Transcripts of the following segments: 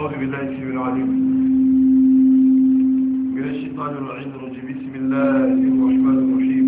أعوذ بالله السميع العليم من الشيطان الرجيم الرجيم بسم الله الرحمن الرحيم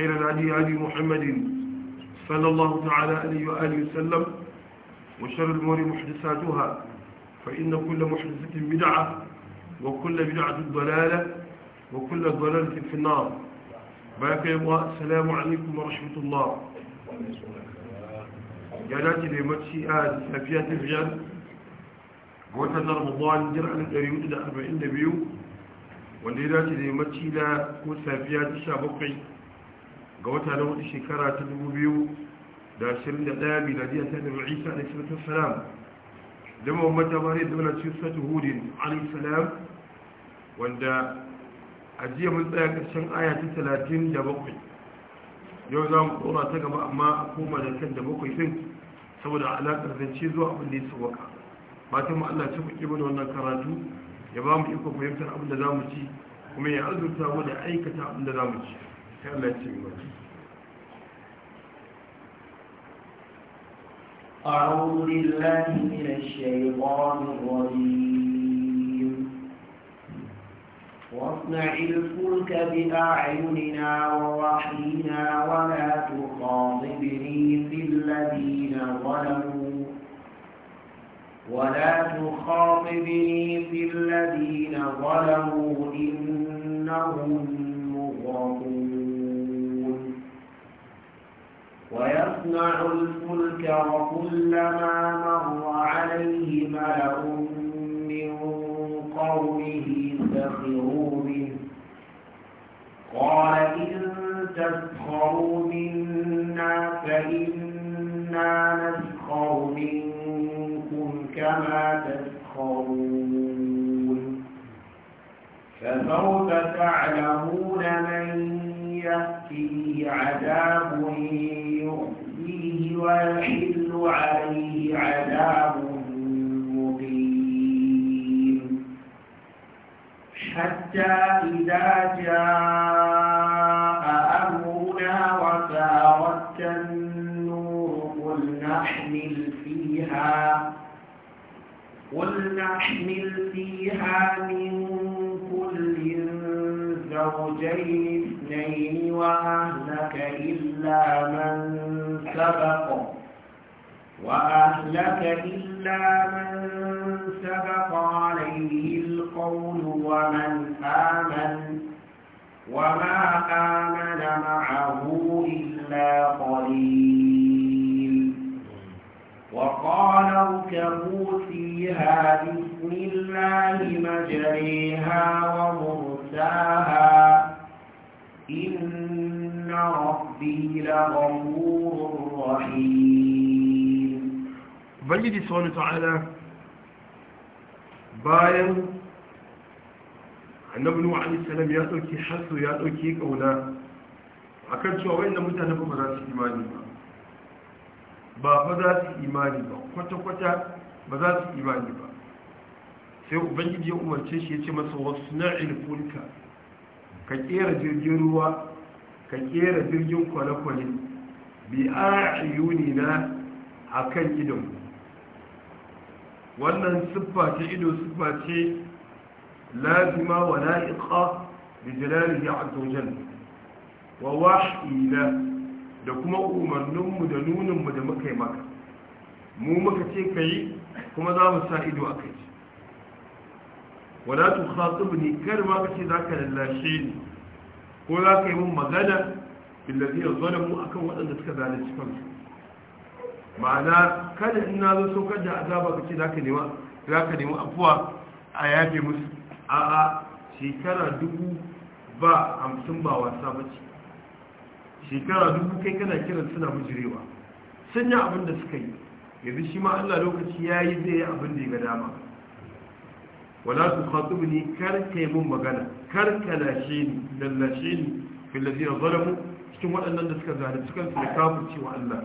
وخير الهدي هدي محمد صلى الله تعالى عليه وآله وسلم وشر الأمور محدثاتها فإن كل محدثة بدعة وكل بدعة ضلالة وكل ضلالة في النار بارك الله السلام عليكم ورحمة الله يا جالاتي لمتشي آل آه، سافيات الرجال وتنظر رمضان جرعا الأريود أربعين نبيو والليلات لمتشي لا وسافيات الشابقي ga wata na hudu shekara ta dubu biyu da ashirin da ɗaya miladiya ta da isa da shirka salam da muhammad jabari da wani cikin sata hudin alisalam wanda a jiya mun tsaya ƙarshen aya ta talatin da bakwai yau za mu ɗora ta gaba amma a koma da kan da bakwai sun saboda alaƙar zance zuwa abin da ya waka ba ta mu allah ci kuɗi mana wannan karatu ya ba mu iko fahimtar abin da za mu ci kuma ya azurta mu da aikata abin da za mu ci أعوذ بالله من الشيطان الرجيم واصنع الفلك بأعيننا ووحينا ولا تخاطبني في الذين ظلموا ولا تخاطبني في الذين ظلموا إنهم مغرمون ويصنع الفلك وكلما مر عليه ملأ من قومه سخروا منه قال إن تسخروا منا فإنا نسخر منكم كما تسخرون فسوف تعلمون من يأتيه عذاب يخزيه ويحل عليه عذاب مقيم حتى إذا جاء أمرنا وفارت النور قل نحمل فيها قل نحمل فيها من وأهلك إلا من سبق عليه القول ومن آمن وما آمن معه إلا قليل وقال اركبوا فيها بسم الله مجريها ومرساها إن ربي لغفور رحيم ubangiji subhanahu ta'ala bayan annabi nuhu alaihi salam ya dauki hasu ya dauki kauna akan cewa wayannan mutane ba za su imani ba ba ba za su imani ba kwata kwata ba za su imani ba sai ubangiji ya umarce shi ya ce masa wasu, wasna'il fulka ka kera jirgin ruwa ka kera jirgin kwale-kwale bi a yuni na a kan idanmu wannan siffa ce ido siffa ce lazima wa la'iqa bi jalalihi azza wa wahila da kuma umarninmu da nuninmu da muka yi maka mu muka ce ka yi kuma za mu sa ido a kai wala tu khatibu ni kar ma kace za ka lallashe ni ko za ka yi mun magana billazi mu akan waɗanda suka zalunci kansu ma'ana kada in nazo saukar da azaba kace zaka nema zaka nemi afuwa a yafe musu a'a shekara dubu ba hamsin ba wasa bace shekara dubu kai kana kiran suna mujirewa sun yi abin da suka yi yanzu shi ma Allah lokaci ya yi zai yi abin da ya ga dama wala su khatubu ni kar kai mun magana kar ka lashe ni lallashe ni fil ladina zalamu cikin waɗannan da suka zalunci kansu da kafirci wa Allah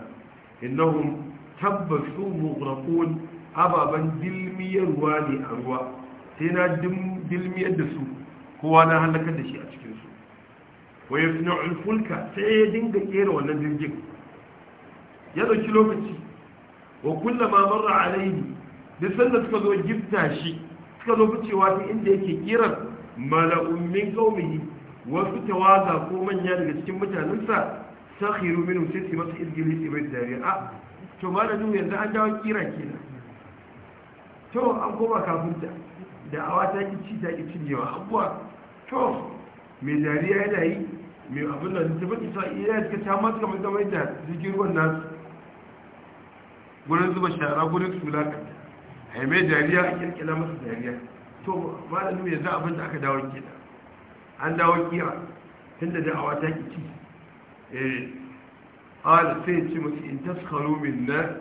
innahum tabbasu mughraqun ababan dilmiyarwa ne a ruwa sai na dilmiyar da su kowa na halakar da shi a cikinsu su wa yasna'ul fulka sai ya dinga kera wannan jirgin ya dauki lokaci wa kullama marra alayhi duk sanda suka zo gifta shi suka zo ficewa ta inda yake kiran mala'un min qaumihi wasu tawaga ko manya daga cikin mutanensa sakhiru minhum sai su masu izgili su bai dariya a ah, to ma da malamin yanzu an dawo kira kenan to an koma kafinta da awa ta ki ci ta ki ci cinyewa abuwa to mai dariya yana yi mai abin da ta baki sa iya suka ta masu kamar zama da jirgin ruwan nasu gurin zuba shara gurin su lakanta a mai dariya a kirkira masu dariya to malamin yanzu abin da aka dawo kira. an dawo kira tun da da'awa ta ki ci eh ala sai ce masu in taskaru na.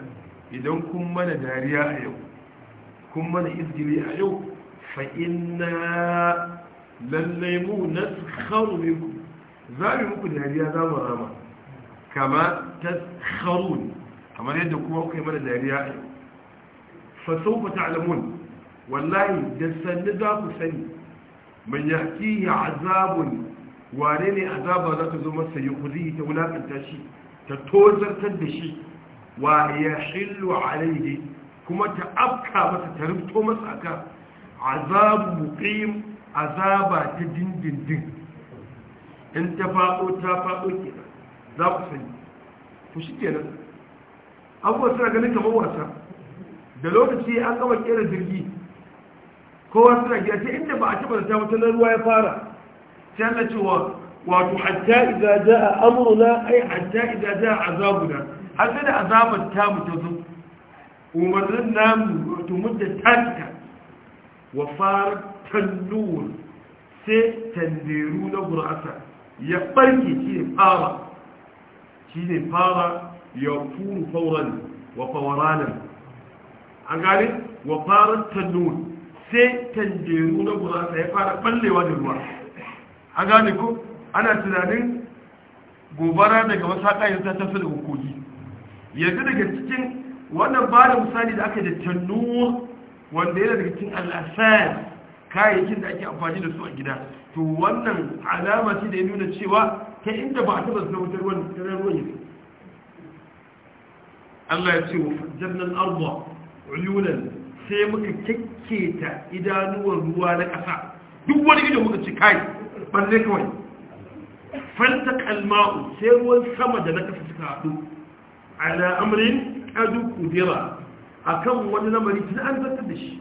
idan kun mana dariya a yau kun mana izgili a yau fa inna lallai mu naskaru ku. za mu yi muku dariya za mu rama kama ta taskarun kamar yadda kuma kai mana dariya a yau Wallahi فسوف تعلمون والله جسد ذاك سني من يحكيه عذاب wane ne azaba za ta zo masa ya kuzi ta wulakanta shi ta tozartar da shi wa ya shillu alaihi kuma ta afka masa ta rubto masa aka azabu muqim azaba ta dindindin in ta faɗo ta faɗo kenan za ku sani Ku shi nan abubuwa suna ganin kamar wasa da lokaci an gama kera jirgi kowa suna gida ta inda ba a taɓa da ta wata na ruwa ya fara sai Allah ce wato hatta idza a amruna ai hatta idza jaa azabuna har sai da azabar ta mutu ta zo umarnin namu to mudda ta wa far tanur sai Tanderu na burasa ya barke shi ne fara shi ne fara ya furu fauran wa fawaranan A gane wa fara tanur sai Tanderu na burasa ya fara ballewa da ruwa an gane ko ana tunanin gobara daga wasu haƙayen ta tafi da kogi yanzu daga cikin wannan ba da misali da aka da tannuwa wanda yana daga cikin al'asar kayayyakin da ake amfani da su a gida to wannan alama ce da ya nuna cewa ta inda ba a taɓa zuwa wutar ruwan yanzu Allah ya ce wa jannan arba uyunan sai muka kyakketa idanuwan ruwa na ƙasa duk wani ido muka ci kai ɓarne kawai fanta kalma'u sai ruwan sama da na kasa suka haɗu ala amurin ƙadu kudira a kan wani lamari tun an zartar da shi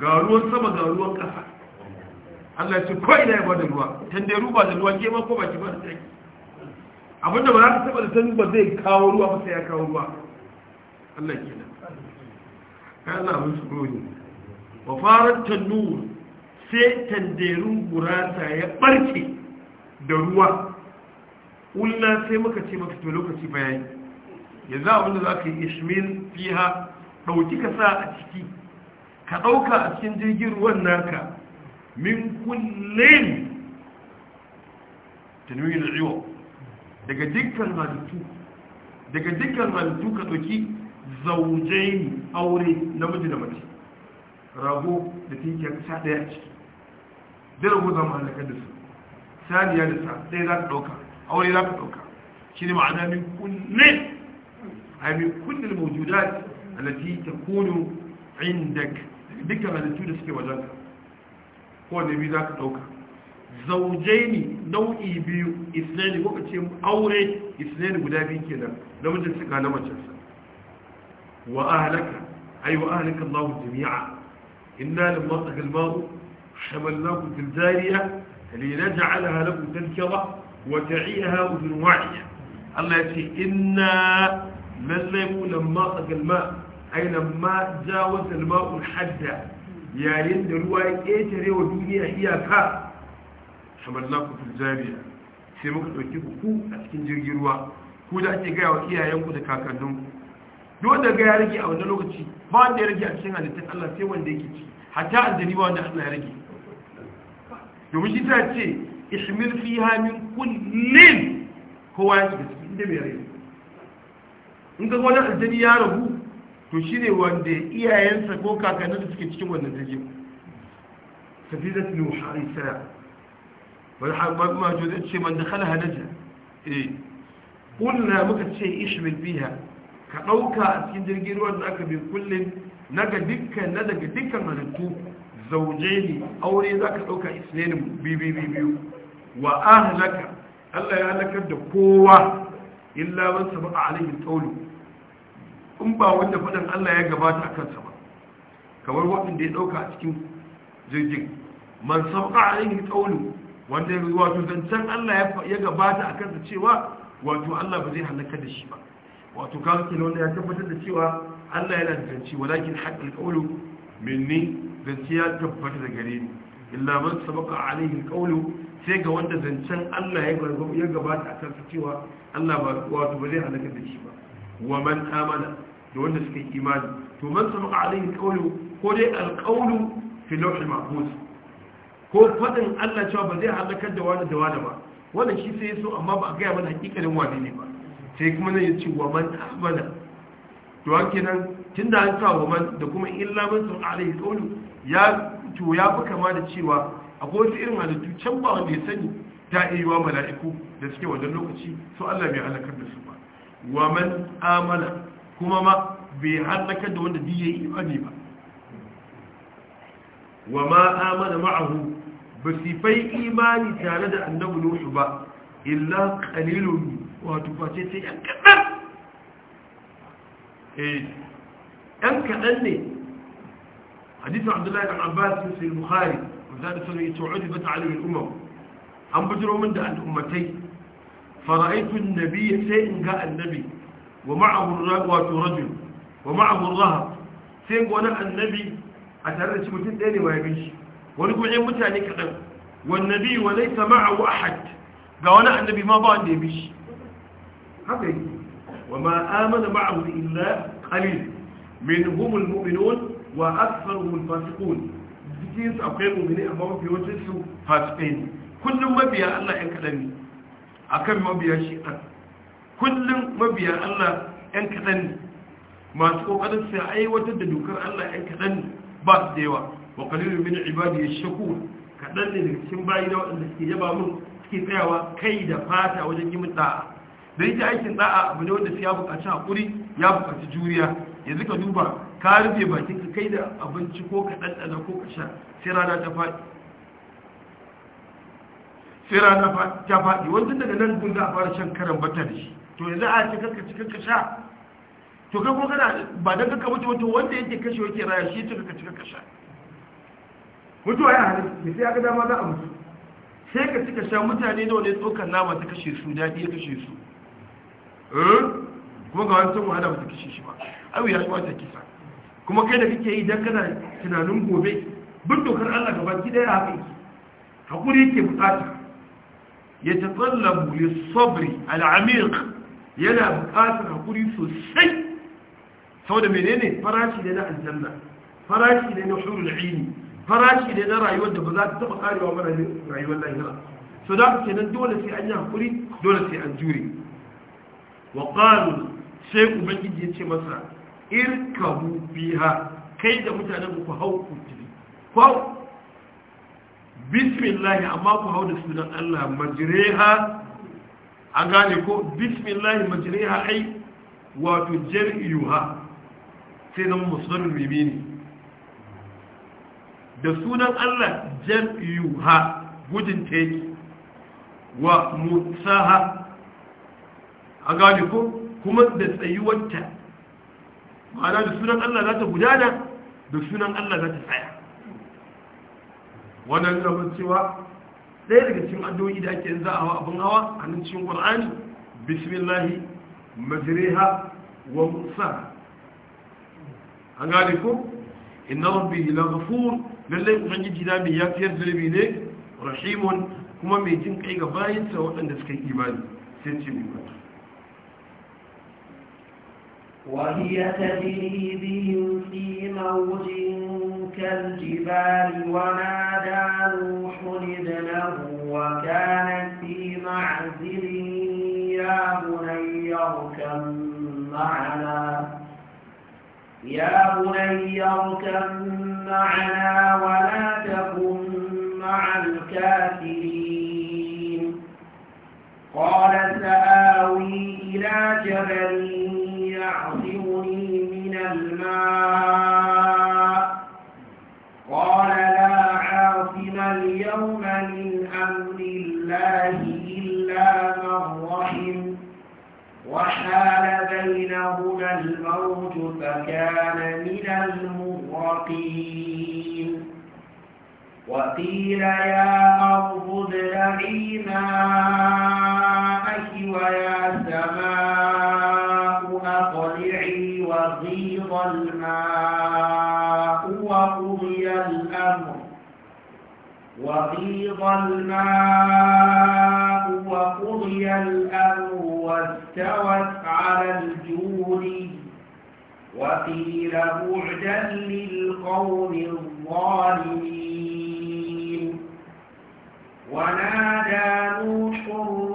ga ruwan sama ga ruwan ƙasa allah ce ko ina ya da ruwa tande ruba da ruwa gema ko baki ba da tsaki abinda ba za ta taɓa da sanu ba zai kawo ruwa ba sai ya kawo ruwa allah kenan na abin su ne wa farar tannur sai tanderun gurasa ya barke da ruwa ƙulla sai muka ce maka to lokaci bayani yanzu a wanda za ka yi ishmil fiha ɗauki ka sa a ciki ka ɗauka a cikin jirgin ruwan naka min kullum tanwin riwa daga dukkan halittu daga dukkan halittu ka ɗauki zaujai aure namiji da mace rago da tinkiyar sa ɗaya ciki zai rubuta mu halakar da su saniya da sa ɗaya za ka ɗauka aure za ka ɗauka shi ne ma'ana min kunne a min kunne da mawujudat alati ta kunu indak dukkan halittu da suke wajen ka kowane biyu za ka ɗauka zaujai ne nau'i biyu isnani ko ka ce aure isnani guda biyu ke kenan namijin suka na macinsa wa ahlaka ay wa ahlaka Allah jami'a inna lamma taqal ma'u حملناكم في الجارية لنجعلها لكم تذكرة وتعيها أذن واعية لما الماء أي لما جاوز الماء الحد ya ƙetare wa duniya iyaka hamalnaku iyayenku da kakanninku duk ga rage a lokaci ba wanda rage a cikin sai wanda yake ci ya rage domin shi ta ce ishmil fi hamin kullin kowa ya shiga cikin inda mai rai in ga wani aljani ya rabu to shi ne wanda iyayensa ko kakannin da suke cikin wannan jirgin safizat nu harisa wani haɓar majo zai ce man da kala halaja eh kunna muka ce ishmil biha ka ɗauka a cikin jirgin ruwan da aka bin kullum na ga dukkan na daga dukkan halittu zaujeni aure za ka ɗauka isnenin biyu wa ahlaka Allah ya halakar da kowa illa man sabu a alihin taulu in ba wanda faɗin Allah ya gabata a kansa ba kamar waɗanda ya ɗauka a cikin jirgin man sabu a alihin taulu wanda ya wato zancen Allah ya gabata a kansa cewa wato Allah ba zai halakar da shi ba wato kawo kenan wanda ya tabbatar da cewa Allah yana da zanci walakin haƙƙin ƙaulu minni zance ya tabbata da gare ni illa man sabaka alaihi alqawlu sai ga wanda zancen Allah ya gabata a kansa cewa Allah ba wato ba zai halaka da shi ba wa man amana da wanda suka yi imani to man sabaka alaihi alqawlu ko dai alqawlu fi lawhil mahfuz ko fadin Allah cewa ba zai halaka da wani da wani ba wannan shi sai yaso amma ba a ga mana hakikarin wani ne ba sai kuma ne ya ce wa man amana to hakinan Tun da an sa man da kuma illa man sun alaihi qawlu ya to ya fi kama da cewa a wasu irin halittu can ba wanda ya sani ta iya mala'iku da suke wajen lokaci su Allah bai halakar da su ba wa man amana kuma ma bai halakar da wanda diye imani ba wa ma amana ma'ahu ba su fai imani tare da annabu nuhu ba illa qalilun wato face sai yan kadan eh, ɗan kaɗan ne hadisun abdullahi da abbas sun sai bukhari wanda da sanu ya cewa ba ta alimin umar an bujiro min da al'ummatai fara'aikun nabi ya sai in ga annabi wa ma'abun wato rajul wa ma'abun sai ga wani annabi a tare da shi mutum ɗaya ne ma ya shi wani kuma yan mutane kaɗan wannabi wa laisa ma'ahu ahad ga wani annabi ma ba wanda ya bi shi haka yi wa ma amana ma'ahu illa qalil منهم المؤمنون وأكثرهم الفاسقون cikin su akwai mummuni amma mafi wajen su fasikai ne kullum mabiya Allah ɗan kaɗan ne akan mabiya shi ɗan kullum mabiya Allah ɗan kaɗan ne masu ƙoƙarin sai aiwatar da dokar Allah ɗan kaɗan ne ba su da yawa wa qalilun min ibadi yashkur kaɗan ne daga cikin bayi da waɗanda suke yaba mun suke tsayawa kai da fata wajen yi mun da'a da yake aikin da'a abu ne wanda sai ya buƙaci haƙuri ya buƙaci juriya yanzu ka duba ka rufe baki ka kai da abinci ko ka ɗanɗana ko ka sha sai rana ta faɗi sai rana ta faɗi wanda daga nan gun za a fara shan karan bata da shi to yanzu a ce kanka cikin ka sha to kai ko kana ba dan kanka mutu wato wanda yake kashe yake raya shi to ka cika ka sha mutuwa ya halin ya sai aka dama za a mutu sai ka ci ka sha mutane da wani tsokar nama ta kashe su daɗi ya kashe su eh? kuma ga wani sun wahala ba ta kashe shi ba abu ya kuwa ta kisa kuma kai da kake yi dan kana tunanin gobe bin dokar Allah gaba ki daya haka yake hakuri yake bukata ya tatsallabu li sabri al-amiq yana bukatar hakuri sosai saboda menene farashi ne na aljanna farashi ne na hurul aini farashi ne na rayuwar da ba za ta taba karewa ba rayuwar lahira so da kenan dole sai an yi hakuri dole sai an jure wa sai ubangiji ya ce masa irkabu biha kai da mutanen ku hau ku tiri kwau bismillah amma ku hau da sunan Allah Majireha. a gane ko bismillah Majireha ai wato jar'iyuha sai na musulmin ne. da sunan Allah jar'iyuha gudun teki wa mutsaha a gane ko kuma da tsayuwarta ma'ana da sunan Allah za ta gudana da sunan Allah za ta tsaya wannan zama cewa ɗaya daga cikin addu'o'i da ake za a hawa abin hawa a nan cikin ƙwar'ani bismillahi majriha wa musa an gane ku inna rabbi la ghafur lallai ubangiji na mai yafiyar zulubi ne rahimun kuma mai jin kai ga bayansa waɗanda suka yi imani sai ce mai وهي تجري بهم في موج كالجبال ونادى نوح ابنه وكان في معزل يا بني اركب معنا يا بني اركب معنا ولا تكن مع الكافرين قال سآوي إلى جبلي الماء قال لا عاصم اليوم من أمر الله إلا من رحم وحال بينهما الموت فكان من المغرقين وقيل يا أرض ابلعي ماءك ويا سماء الماء وقضي الأمر وغيظ الماء وقضي الأمر واستوت على الجود وقيل بعدا للقوم الظالمين ونادى نوح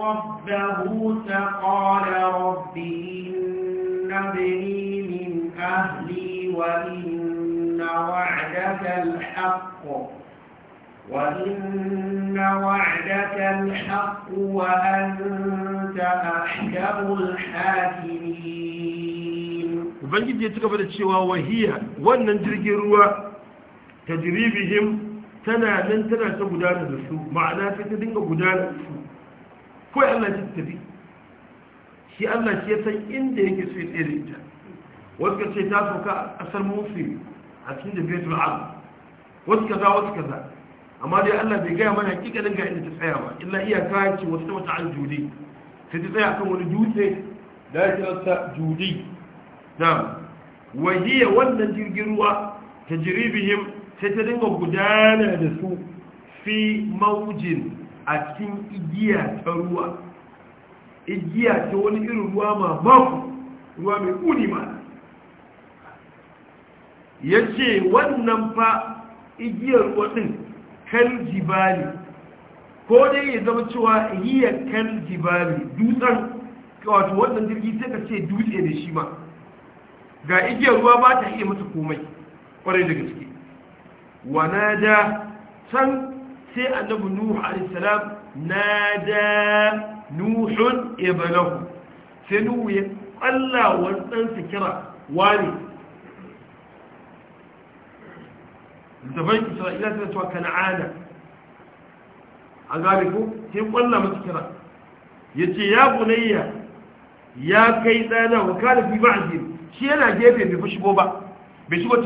ربه فقال رب إن ابني أهلي وإن وعدك الحق وإن وعدك الحق وأنت أحكم الحاكمين وبنجد يتكفى الشواء وهي وأن نجرق الرواء تجريبهم tana nan tana ta gudana da su ma'ana sai ta dinga gudana da su kawai Allah shi shi Allah shi ya san inda yake wasu ka ce ta sauka a ƙasar musulmi a cikin jabiyatul arab wasu kaza wasu kaza amma dai Allah bai gaya mana hakikalin ga inda ta tsaya ba illa iya kayan ce wasu ta wata aljudi sai ta tsaya kan wani dutse da ya kirasta judi na wahiyar wannan jirgin ruwa ta jiribihim sai ta dinga gudana da su fi maujin a cikin igiya ta ruwa igiya ta wani irin ruwa mamaku ruwa mai kuni ma ya ce wannan fa igiyar waɗin kan jibali ko dai ya zama cewa iya kan jibali dutsen wato wannan jirgi sai ka ce dutse da shi ma ga igiyar ruwa ba ta iya mata komai kwarai da gaske wana da can sai annabi nuhu alisalam na da nuhun ibanahu sai nuhu ya ƙalla wannan ɗansa kira wani littafan isra'ila suna cewa kan'ana a gane ko sai kwallon masu kira ya ce ya bunayya ya kai ɗana wa kada fi ma'azir shi yana gefe bai fi shigo ba bai shigo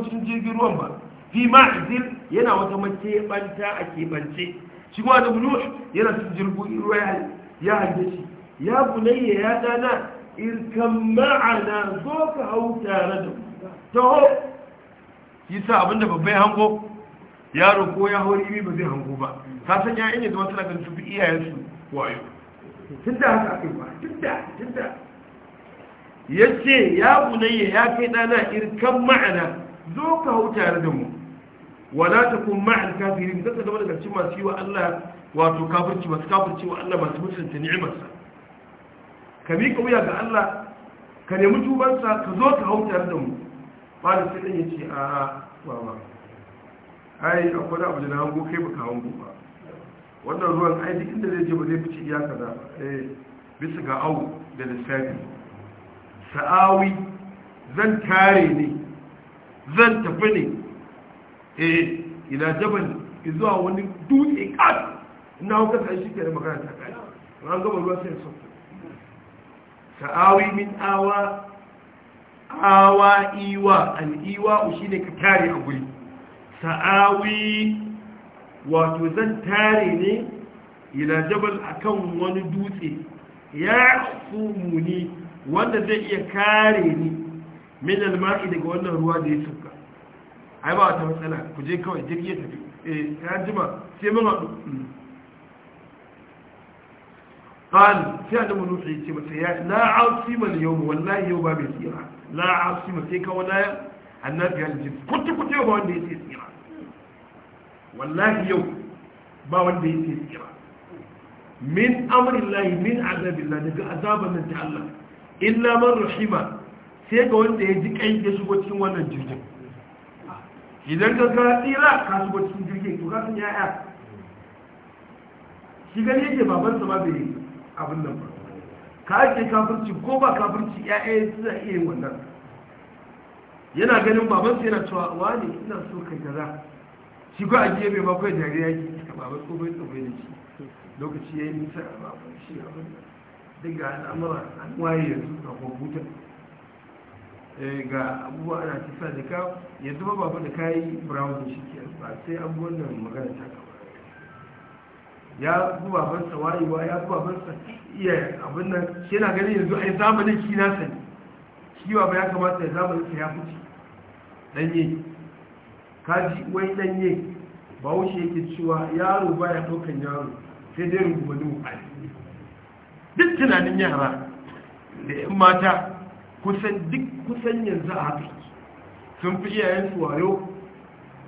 cikin jirgin ruwan ba fi ma'azir yana wata mace banta a kebance shi ma da bulu yana cikin jirgin ruwa ya hange shi ya bunayya ya ɗana irkan ma'ana zo ka hau tare da ta yasa sa abinda babbai hango yaro ko ya hori ne ba zai hango ba ta san ya inye zama tana ganin su fi iyayensu wayo Tunda haka ake ba tunda tunda. ya ce ya bunayya ya kai ɗana irkan ma'ana zo ka hau tare da mu wala ta kun ma'al kafirin kasa zama daga cikin masu yi wa Allah wato kafirci masu kafirci wa Allah masu mutunta ni'imarsa ka miƙa wuya ga Allah ka nemi tubansa ka zo ka hau tare da mu ƙwada sai ɗan ya ce a wawa ai a kwada abu da na hango kai baka hango ba wannan ruwan ai duk inda zai je ba zai fice iyaka da eh, bisa ga au da lissafi sa'awi zan kare ne zan tafi ne eh ila jabal zuwa wani dutse kan ina hukar da shi ke da magana ta kai ran gaba ruwa sai sauka sa'awi min awa awa iwa al'iwa shi ne ka tare a guri sa'awi wato zan tare ne ila jabal akan wani dutse ya muni wanda zai iya kare ni min alma'i daga wannan ruwa da ya suka ai ba wata matsala ku je kawai jirgin tafi eh ya jima sai mun haɗu hmm. قال فعل منوح يتمسى لا عاصم اليوم والله يوم باب السيرة لا عاصم سيكا ولا النبي الجنس كنت كنت يوم وان دي سيرة والله يوم با وان دي سيرة من أمر الله من عذاب الله نبي عذاب من الله إلا من رحم سيكا وان دي يجيك أي جسو وتسين وانا جرجم إذا كنت إلا كاسو وتسين جرجم تكاسو يا أخ shi gani yake babansa ma bai abin nan ba ka ake kafirci ko ba kafirci ya'ya zai iya wannan yana ganin baban sai yana cewa wani ina so kai gaza? shi ko a gefe ba kai dariya ki baban tsofai tsofai da shi lokaci ya yi nisa a baban shi abin nan duk ga al'amura an waye yanzu a kwamfuta eh, ga abubuwa ana tafiya da ka yanzu ba baban da ka yi brown shi ke ba sai abubuwan nan magana ta kawo ya zuwa bansa wayewa ya zuwa bansa iya abin nan shi yana ganin yanzu a yi zamanin shi nasa sani shi ba ya kamata ya zamanin sa ya fice danye kaji wai danye ba wuce yake cewa yaro ba ya tokan yaro sai dai rungumanu a duk tunanin yara da yan mata kusan duk kusan yanzu a haka sun fi iyayen su wayo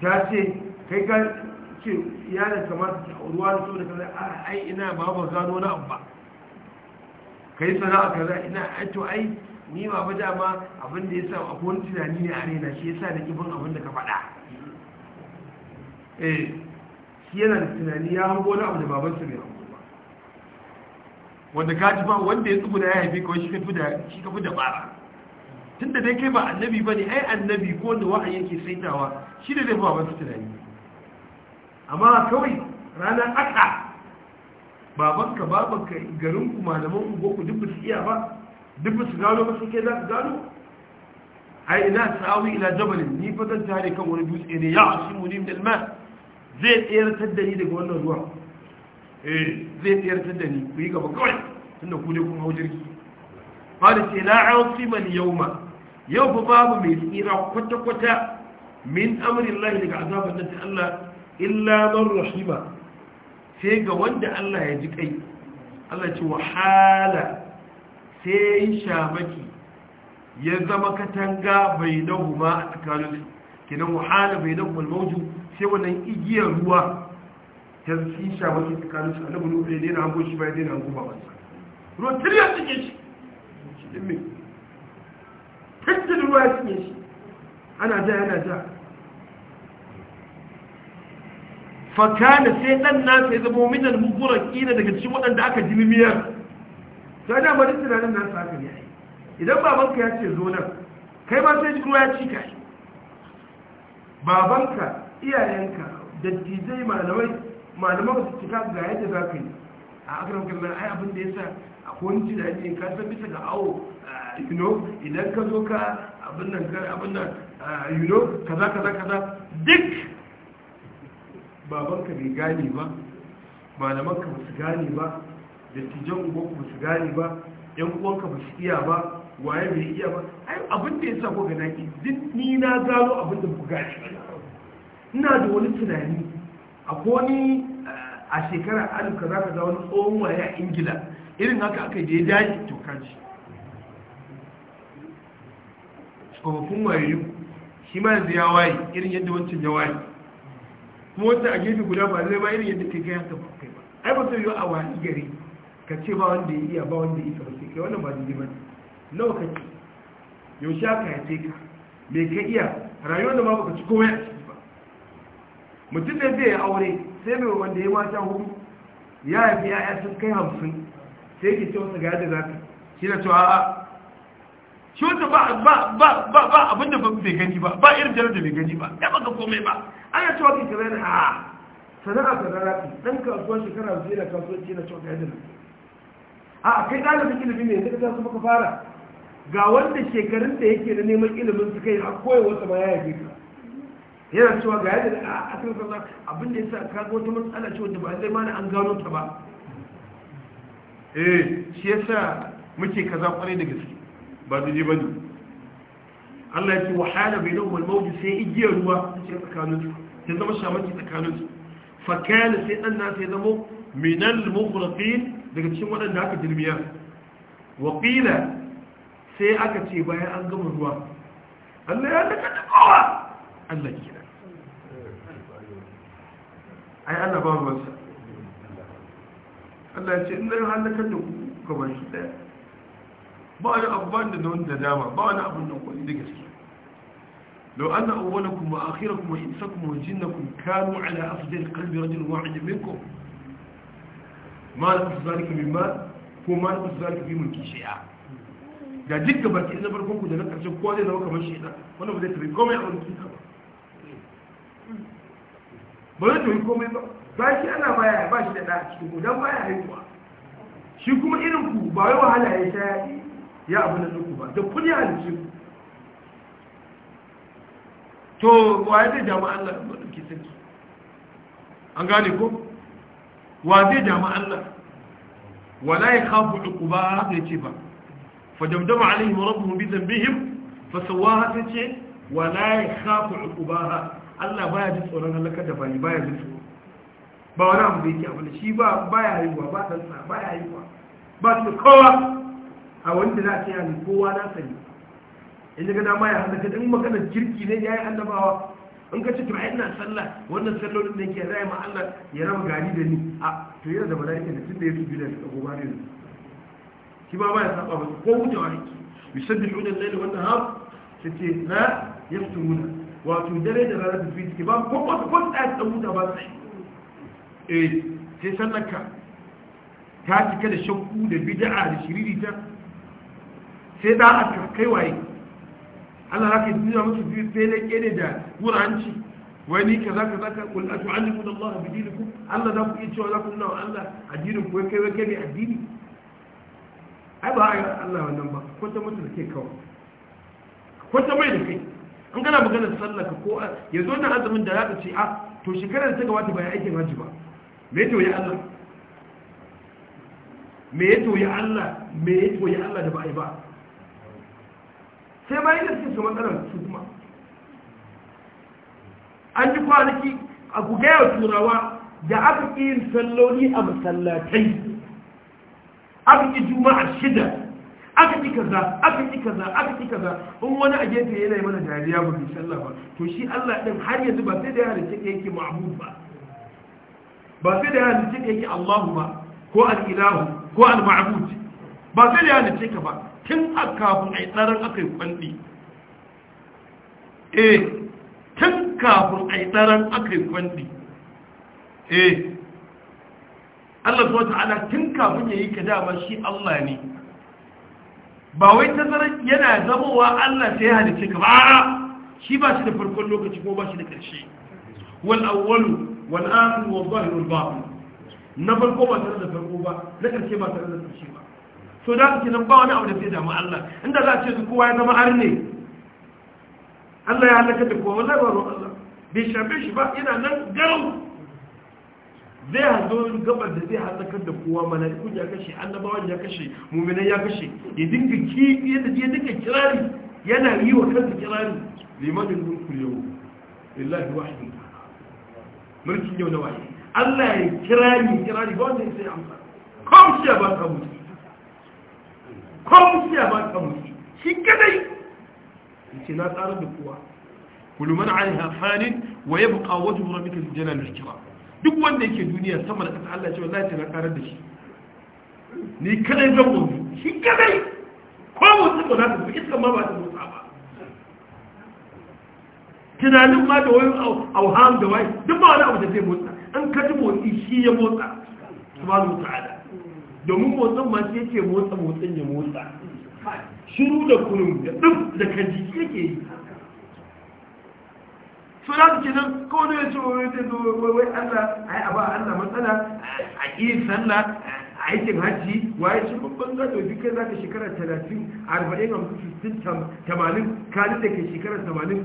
ta ce kai ka ce yaron kamar ruwa da so da kaza ai ina ba ba gano na abba kai sana'a kaza ina ai to ai ni ba ba dama abin da yasa a wani tunani ne a rena shi yasa da kibin abin da ka faɗa eh shi yana da tunani ya hango na abu da babansa bai hango ba wanda ka ji ba wanda ya da ya haife kawai shi ka fi da shi ka fi da bara tunda dai kai ba annabi bane ai annabi ko wanda wa'ayi yake saitawa shi da zai ba su tunani amma kawai ranar aka babanka babanka garinku malaman ungoku duk su iya ba duk su gano ba suke za su gano ai ina sa'awi ila jabalin ni fa zan tare kan wani dutse ne ya asimu ni min alma zai tsayartar da ni daga wannan ruwa eh zai tsayartar da ni ku yi gaba kawai tunda ku dai kun hau jirgi qala ce la asima al yawma yau fa babu mai tsira kwata kwata min amri Allah daga azabar da Allah illa man rahima sai ga wanda Allah ya ji kai Allah ce wahala sai shamaki ya zama katanga bai huma a tsakaninsu kenan wahala bai nahumar mauju sai wannan igiyar ruwa ta yi shamaki tsakaninsu annabi nufi ne na hango shi bai daina hango ba wasa ruwa tiriya cike shi shi ɗin mai tattalin ruwa ya shi ana ja yana ja fakana sai dan nasa ya zama minal kina daga cikin waɗanda aka jimmiya. sai da bari tunanin nasa aka ne ai idan babanka ya ce zo nan kai ma sai ruwa ya ci ka babanka iyayenka dattijai malamai malamai malaman su cika ga yadda za ka yi a akarar kallon ai abin da ya sa a kwanci da ake ka san bisa ga awo you know idan ka zo ka abin nan abin nan you know kaza kaza kaza duk babanka bai gane ba malamanka ba su gane ba dattijan tijan ba su gane ba yan uwanka ba su iya ba waye bai iya ba ai abin da ya sa ko gana ki duk ni na gano abin da ku gane ina da wani tunani akwai wani eh, a shekara alif kaza kaza wani tsohon waye a ingila irin haka aka da ya dace to kaji tsofaffin wayoyi shi ma yanzu ya waye irin yadda wancan ya waye mota a gefe guda ba zai ba irin yadda kai gaya ta kai ba ai ba sai yi a wani gari ka ce ba wanda ya iya ba wanda ya isa ba sai kai wannan ba daidai ba nawa yau yaushe aka yace ka me ka iya rayuwar da ba ka ci komai a ciki ba mutum da zai aure sai mai wanda ya mata hudu ya haifi ya'ya sun kai hamsin sai ke ce wasu ga yadda za ka shi na cewa a'a shi ba ba ba abinda bai gani ba ba irin jarar da bai gani ba ya baka komai ba ana cewa ke kira yana, a sana'a sana'a ɗan kasuwa shekara zuwa da kasuwanci na cewa yadda nan a kai ɗalibin ilimin ne yanzu ka su fara ga wanda shekarun da yake da neman ilimin su kai a wata ma ya yage ka yana cewa ga yadda a asirin kasa abinda ya sa ka ga wata matsala cewa da ba zai mana an gano ta ba eh shi yasa muke kaza kwarai da gaske ba su ji ba ne Allah ya ce wahala bai nan wani mawuji sai igiyar ruwa ta ce tsakaninsu ta zama shamaki tsakaninsu fakayana sai ɗan na sai zama minan mukhulafin daga cikin waɗanda aka jirmiya wakila sai aka ce bayan an gama ruwa Allah ya daga da kowa Allah kira ai Allah ba ruwansa Allah ya ce in zai halakar da ku gaban shi ɗaya ba wani abu ban da da wani dama ba wani abun da kuma da gaske لو أن أولكم a وإنسكم وجنكم كانوا على أفضل قلب رجل واحد منكم ما نقص ذلك من مال وما نقص ذلك في ملك شيئا da duk gabaki na farkon ku da na karshen kowa zai zama kamar shaida wanda ba zai tafi komai a wani kika ba ba zai tafi komai ba ba shi ana baya ba shi da ɗa cikin ku don baya haihuwa shi kuma irin ku ba wai wahala ya sha ya ya abu na zuku ba da kuni halittu to waye zai jami Allah da maɗauki sarki an gane ko wa zai jami Allah wala ya kafu uku ba haka ya ce ba fajamdama alaihim rabbuhum bi dhanbihim sawaha ta ce wala ya kafu uku ba Allah baya ji tsoron halaka da bani baya ji tsoro ba wani abu da yake abu da shi ba baya haihuwa ba ta sa baya haihuwa ba su kowa a wanda za a ce yanzu kowa na sani in daga dama ya ka in maganar kirki ne ya yi annabawa in ka ce to ai ina sallah wannan sallolin da yake rayuwa Allah ya raba gari da ni a to yana da malaika da tunda biyu da suka gobe ne shi ma ba ya saba ba ko wuce wucewa ne yusabbihuna al-layla wan nahar sace la yafturuna wato dare da rana da fiti ba ko ko ko da ta huta ba sai eh sai sannan ka. ta cika da shakku da bid'a da shiririta sai da ka kai waye Allah zaka jiya musu biyu sai na kene da wuranci wani ka zaka zaka kul atu'allimu Allah bi dinikum Allah za ku cewa za nuna Allah addinin ku kai kai ne addini ai ba ai Allah wannan ba ta mutu da kai kawai ta mai da kai an gana magana sallah ka ko ya zo nan azumin da zaka ce a ah, to shekarar da ta gabata ba ya aikin haji ba me to ya Allah me ya to ya Allah me ya to ya Allah da ba ai ba sai bayan da suke su matsalar su kuma an ji kwanaki a ku gaya turawa da aka ƙi yin salloli a masallatai aka ƙi juma'a shida aka ƙi kaza aka ƙi kaza aka ƙi kaza in wani a gefe yana yi mana dariya ba bai sallah ba to shi Allah ɗin har yanzu ba sai da ya halitta ka yake ma'bud ba ba sai da ya halitta yake Allahu ba ko Alilahu, ko al-ma'bud ba sai da ya halitta ka ba tun a kafin a yi tsarin aka yi kwanɗi eh tun kafin a yi tsarin aka yi kwanɗi eh Allah zuwa ta'ala tun kafin ya yi ka dama shi Allah ne ba wai tazarar yana zamowa Allah sai ya halice ka ba shi ba shi da farkon lokaci ko ba shi da ƙarshe wal awwalu wal akhir wal wal batin na farko ba tare da farko ba na ƙarshe ba tare da ƙarshe ba so da kinan ba wani abu da zai damu Allah inda za a ce kowa ya zama arne Allah ya halaka da kowa wallahi baro Allah bai shafe shi ba yana nan garau zai hazo gabar da zai halakar da kowa malaikun ya kashe annabawan ya kashe mu'minai ya kashe ya dinga ki ya dinga kirari yana yi wa kansa kirari limanin mulkul yau lillahi wahidin mulkin yau na wahi Allah ya kirari kirari ba wanda ya sai amsa kom shi ba ta mutu ko musiya ba ka musu shi kadai yace na tsara da kowa kullu man alaiha fanin wa yabqa wajhu rabbika jalal wal kiram duk wanda yake duniya sama da kasa Allah ce wallahi na tsara da shi ni kadai zan mutu shi kadai ko mutu ba za ta iska ma ba ta mutu ba tunanin ma da wani auham da wai duk ba wani abu da zai motsa an ka ji motsi shi ya motsa subhanahu wa ta'ala domin motsin masu yake motsa motsin ya motsa shiru da kunun da ɗin da jiki yake yi su za su ce nan kawai da ya ce wai ta zo wai allah a yi abu allah matsala a yi sallah a aikin hajji waye shi babban za duk kai za ka shekara talatin arba'in hamsin sittin tamanin kalin da ke shekara tamanin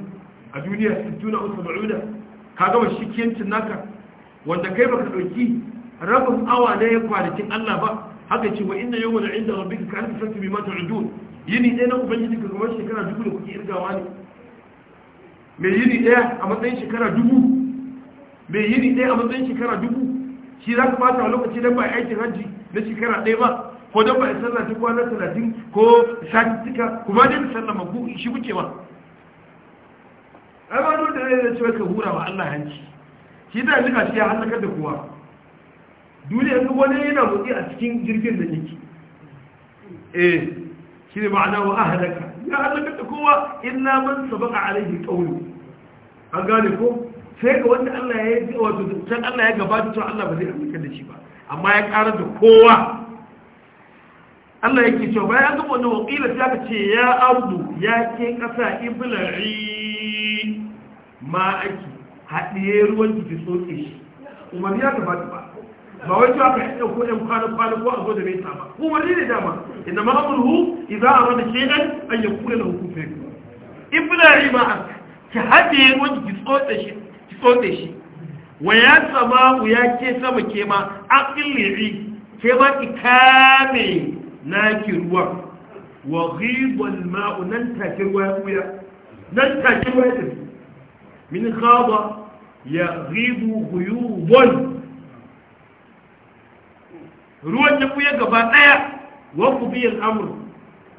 a duniya Tuna uku saba'una ka gama kiyancin naka wanda kai baka ɗauki rabin awa na ya kwanakin allah ba haka ce wa inna yawma da inda rabbika ka alfi sati bima ta'udun yini ɗaya na ubangiji ka kamar shekara dubu da kuke irgawa ne mai yini ɗaya a matsayin shekara dubu mai yini ɗaya a matsayin shekara dubu shi za ka fata a lokaci don ba aikin hajji na shekara ɗaya ba ko don ba sallah ta kwana talatin ko satittika kuma dai da sallah mabu shi kuke ba ai ba dole da ne da cewa ka hura wa Allah hanci shi da duka shi ya halakar da kowa duniya duk wani yana motsi a cikin jirgin da yake eh shi ne ma'ana wa ahalaka ya halaka ta kowa illa man sabaka alaihi qawlu an gane ko sai ga wanda Allah ya yi wato can Allah ya gabata to Allah ba zai amince da shi ba amma ya ƙara da kowa Allah yake cewa bayan ga wannan waqila sai ka ce ya ardu ya ke ƙasa iblari ma ake haɗiye ruwan ki ki soke shi umarni ya gabata ba ba wai cewa ka yi ɗauko ɗan kwanan kwana ko a zo da mai ta ba umarni ne dama inda ma amurhu idan a rana shaidan an ya kula da hukunfe ibnari ma an ki haɗe wani ki tsotse shi ki tsotse shi wa ya sama ya ke sama ke ma an ƙilliri ke ma ki kame na ki ruwa wa ghibon ma'u nan take ruwa ya ɓuya nan take ruwa ya min khaba ya ghibu ghuyubon ruwan ya buya gaba daya wa ku biyan amur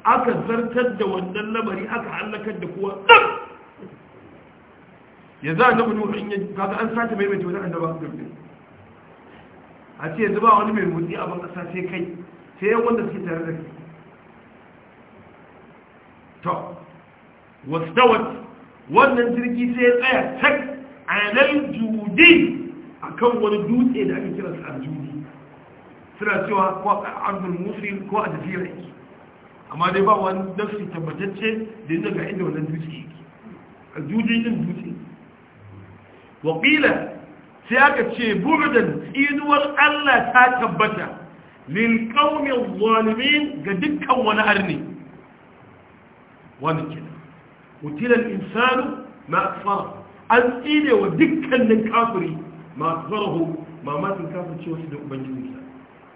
aka zartar da wannan lamari aka hallakar da kuwa ɗan ya za a na budu in yi kaga an sace mai mai wani annaba gurbi a ce yanzu ba wani mai mutsi a ban ƙasa sai kai sai yan wanda suke tare da kai to wasu dawat wannan jirgi sai ya tsaya tak a yanar judi a kan wani dutse da ake kiransa a judi suna cewa ko abdul muslim ko a tafiya yake amma dai ba wani nafsi tabbatacce da yanzu ga inda wannan dutse yake a jujin dutse wakila sai aka ce burdan tsinuwar allah ta tabbata lil kaumin zalimin ga dukkan wani arni wani kina mutilar insanu ma akfara an tsine wa dukkanin kafiri ma akfarahu mamakin kafin ce wasu da ubangijinsa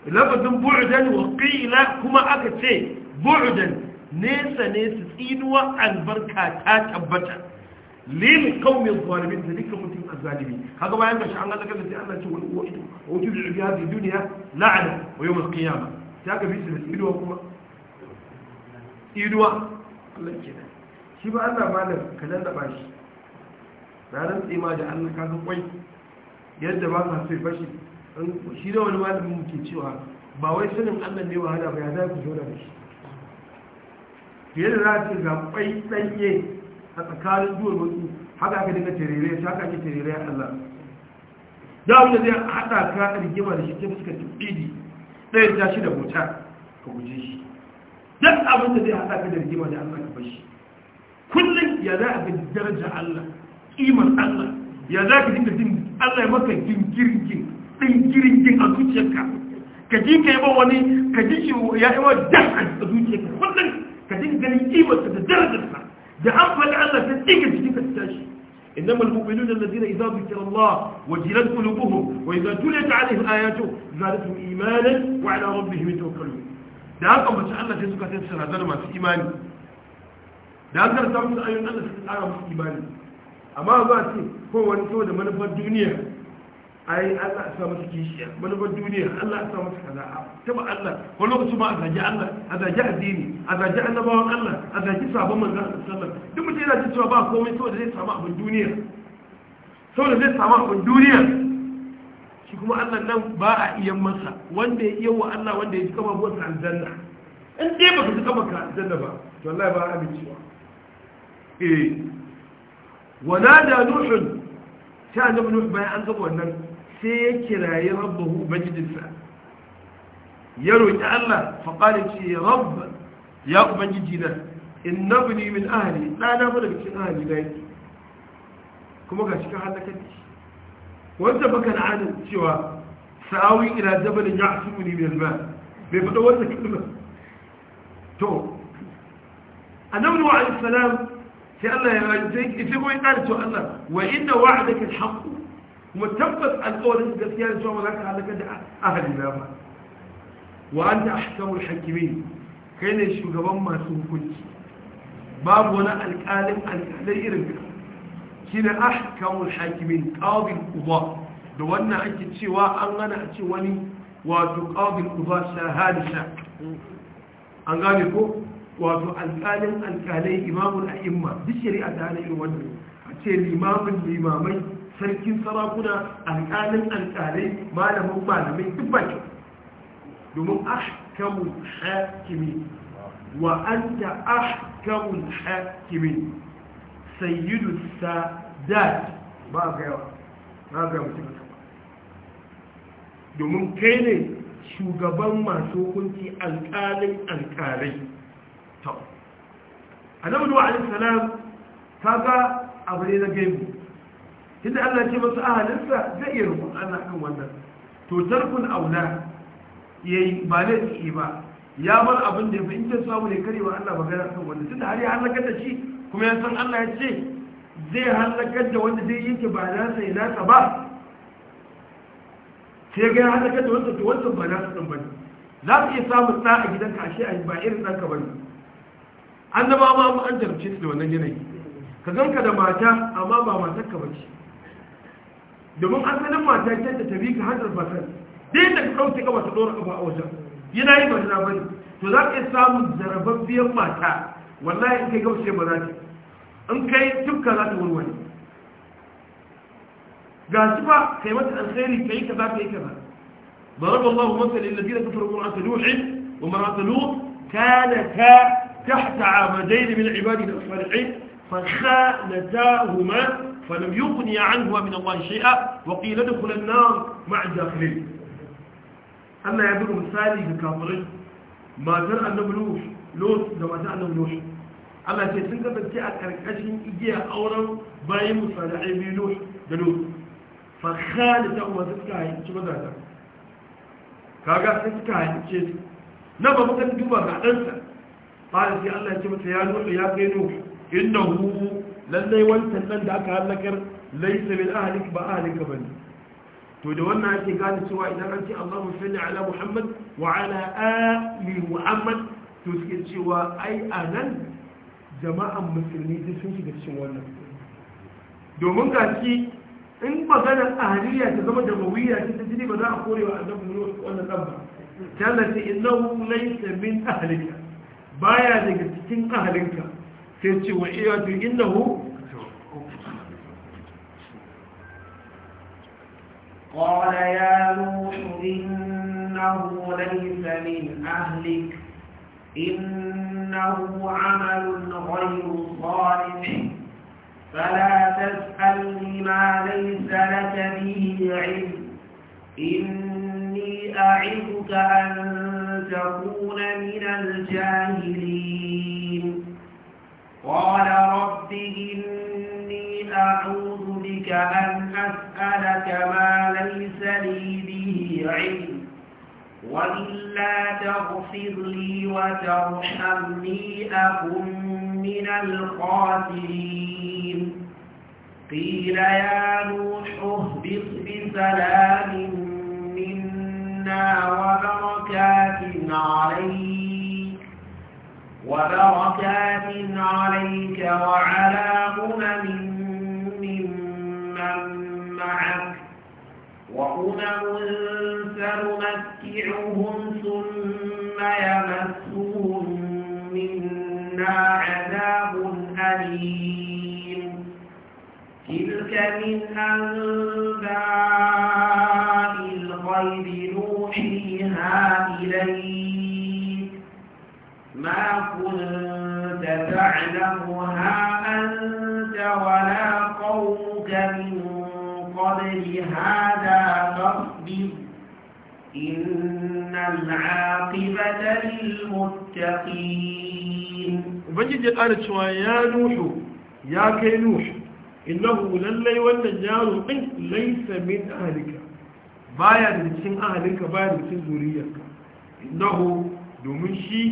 lafazin bu'udan waƙila kuma aka ce bu'udan nesa ne su tsinuwa albarka ta tabbata lil qaumiz zalimin da dukkan mutum azzalimi haka bayan gashi an Allah kaza sai Allah ce wal uwaidu wa tubi fi hadhihi dunya la'ana wa yawm al-qiyamah ta ka bisu tsinuwa kuma tsinuwa Allah ke da shi ba Allah malam ka lallaba shi ranar tsima da Allah kaga kwai yadda ba sa so bashi shi da wani malamin ke cewa ba wai sanin allah ne wahala ba ya za ku zauna da shi fiye da za ce ga kwai ɗanye a tsakanin duwar wasu haka aka daga terere ta haka ake terere allah da wanda zai haɗa ka rigima da shi ta fuskar tuɗi ɗaya ta shi da mota ka guje shi duk abin da zai haɗa ka da rigima da allah ka bashi kullum ya za a ga daraja allah ƙimar allah ya za ka dinga jin allah ya maka gingirgin ɗin kirin a zuciyarka ka ji ka yi ba wani ka ji shi ya yi wa dan a zuciyarka kullum ka ji ganin kimarsa da darajarsa da an faɗi Allah ta ɗiga cikin ka tashi إنما المؤمنون الذين إذا ذكر الله وجلت قلوبهم وإذا تليت عليهم آياته زادتهم إيمانا وعلى ربهم يتوكلون da haka mace Allah sai suka sai sanadar masu imani da haka samun ayoyin Allah sai tsara masu imani amma ba ce ko wani saboda manufar duniya ai Allah ya samu kishiya ba duniya Allah ya samu kaza taba Allah ko lokacin ma azaji Allah azaji addini azaji annabawan Allah azaji sabon manzon sallallahu duk mutum yana cewa ba komai saboda zai samu abin duniya saboda zai samu abin duniya shi kuma Allah nan ba a iya masa wanda ya iya wa Allah wanda ya ji kama buwar aljanna in dai baka ji kama ka aljanna ba to Allah ba amincewa eh ونادى نوح كان bayan an gaba wannan. sai ya kirayi rabbahu ubangijinsa ya roƙi Allah faƙari ce rabba ya ubangiji na inna bini min ahali ɗana mana bikin ahali na yake kuma ga cikin halakar ne wanda baka na anan cewa sa'awi ila jabalin ya asumu ne mai ma bai faɗa wanda kalma to annabi wa alayhi salam sai Allah ya rayu sai ita kuma ya ƙara cewa Allah wa inna wa'adaka al-haqqu kuma tabbas alƙawarin gaskiya da cewa za ka halaka da ahali na ba wa an ta ahkamul hakimin kai ne shugaban masu hukunci babu wani alƙalin alƙalin irin ka shi ne ahkamul hakimin ƙawabin uba da wannan ake cewa an gana a ce wani wato ƙawabin uba shahadisha an gane ko wato alƙalin alƙalai imamun a'imma duk shari'a ta hana irin wannan a ce limamin limamai sarkin sarakuna alƙalin alƙalai malamin malamai duk baki domin ahkamul hakimi wa anta ahkamul hakimi sayyidu sadat ba ga yawa ba ga mutum domin kai ne shugaban masu hukunci alƙalin alƙalai ta annabi wa alaihi salam kaga abu ne na gaibu tunda Allah ce masu ahalinsa zai iya rukun Allah kan wannan to tarkun aula yayi ba laifi ba ya bar abin da yafi in ta samu ne kare wa Allah magana kan wannan tunda har ya halakar da shi kuma ya san Allah ya ce zai halakar da wanda zai yake ba na sai na ka ba sai ga halakar da wanda to wanda ba na su din ba? za ka iya samun da a ka shi a ba irin ka ba? bane annaba ma an jarabce su da wannan yanayi ka ganka da mata amma ba matarka ce domin asalin mata ce ta tabi ka hundred percent dai da ka ɗauke ka wata ɗora ƙafa a wajen yana yi ba na bane to za ka iya samun zarababbiyar mata wallahi in kai gaushe ba za ta in kai tukka za ta warware ga shi ba kai mata alkhairi ka yi kaza ka yi kaza ضرب الله مثلا للذين كفروا امرأة نوح وامرأة لوط كانتا تحت عبدين من عبادنا الصالحين فخانتاهما فلم يغني عنه من الله شيئا وقيل ادخل النار مع الداخلين Allah ya buga misali ga kafirai matar annabi Nuh Lot da matar annabi Nuh Allah ce sun kasance a karkashin igiya auren bayan Musa da Abi Nuh da Lot fa khalita wa suka yi ci mazaza kaga sai suka haice su na ba muka duba ga ɗansa ba Allah ya ce ya Nuh ya lallai wancan nan da aka halakar laisa min ahlik ba ahlika bane to da wannan ake gane cewa idan an ce Allahu salli ala Muhammad wa ala ali Muhammad to suke cewa ai anan jama'an musulmi duk sun shiga cikin wannan domin gashi in maganar ahliya ta zama jamawiyya ta ta jini ba za a kore wa annabi Nuhu wannan dan ba tallata innahu laysa min ahlika baya daga cikin ahlinka sai ce wa iyatu innahu قال يا نوح إنه ليس من أهلك إنه عمل غير صالح فلا تسألني ما ليس لك به علم إني أعظك أن تكون من الجاهلين قال رب إني أعوذ بك أن أسألك ما ليس لي به علم وإلا تغفر لي وترحمني أكن من الخاسرين قيل يا نوح اهبط بسلام منا وبركات عليك وبركات عليك وعلى أمم ممن معك وأمم سنمتعهم ثم يمسهم منا عذاب أليم تلك من أنباء الغيب نوحيها إليك ما كنت تعلمها أنت ولا قومك من قبل هذا فاصبر إن العاقبة للمتقين وبنجد قال شوى يا نوح يا كي نوح إنه للي والنجار ليس من أهلك baya da cikin ahalinka baya da cikin zuriyarka innahu domin shi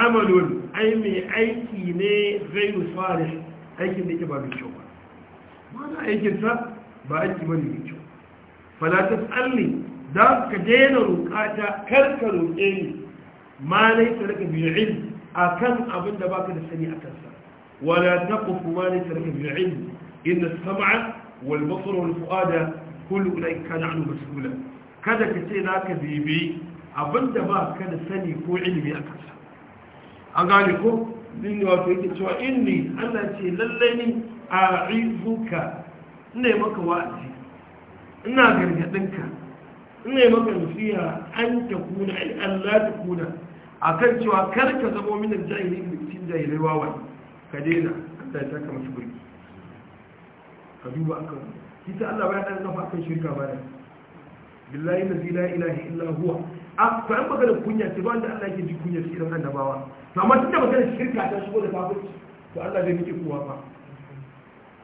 amalun ai mai aiki ne zai salih aikin da yake ba mai kyau ba wani aikinsa ba aiki ba ne mai kyau falatas alli za ka daina roƙata kar ka roƙe ni ma laisa raka bi'il a kan abin da baka da sani a kansa wala ta kufu ma laisa raka bi'il inda sama'a wal basar wal fu'ada kullu ulai kana anu masula kada ka ce za ka bibi abin da ba ka da sani ko ilimi a kansa an gane ko din wato yake cewa inni Allah ce lallai ni a izuka ina yi maka wa'azi ina gargadinka ina yi maka nufiya an ta kuna an Allah ta kuna a kan cewa kar ka zama minin jahili mutum jahilai wawan ka daina an ya saka masu gurbi. ka duba aka kita Allah baya ɗan kafa kan shirka da billahi na zila ilahi illa huwa a to an magana kunya ce ba da Allah yake ji kunya shi irin annabawa to amma tunda magana shirka ta shigo da kafirci to Allah zai miki kowa fa.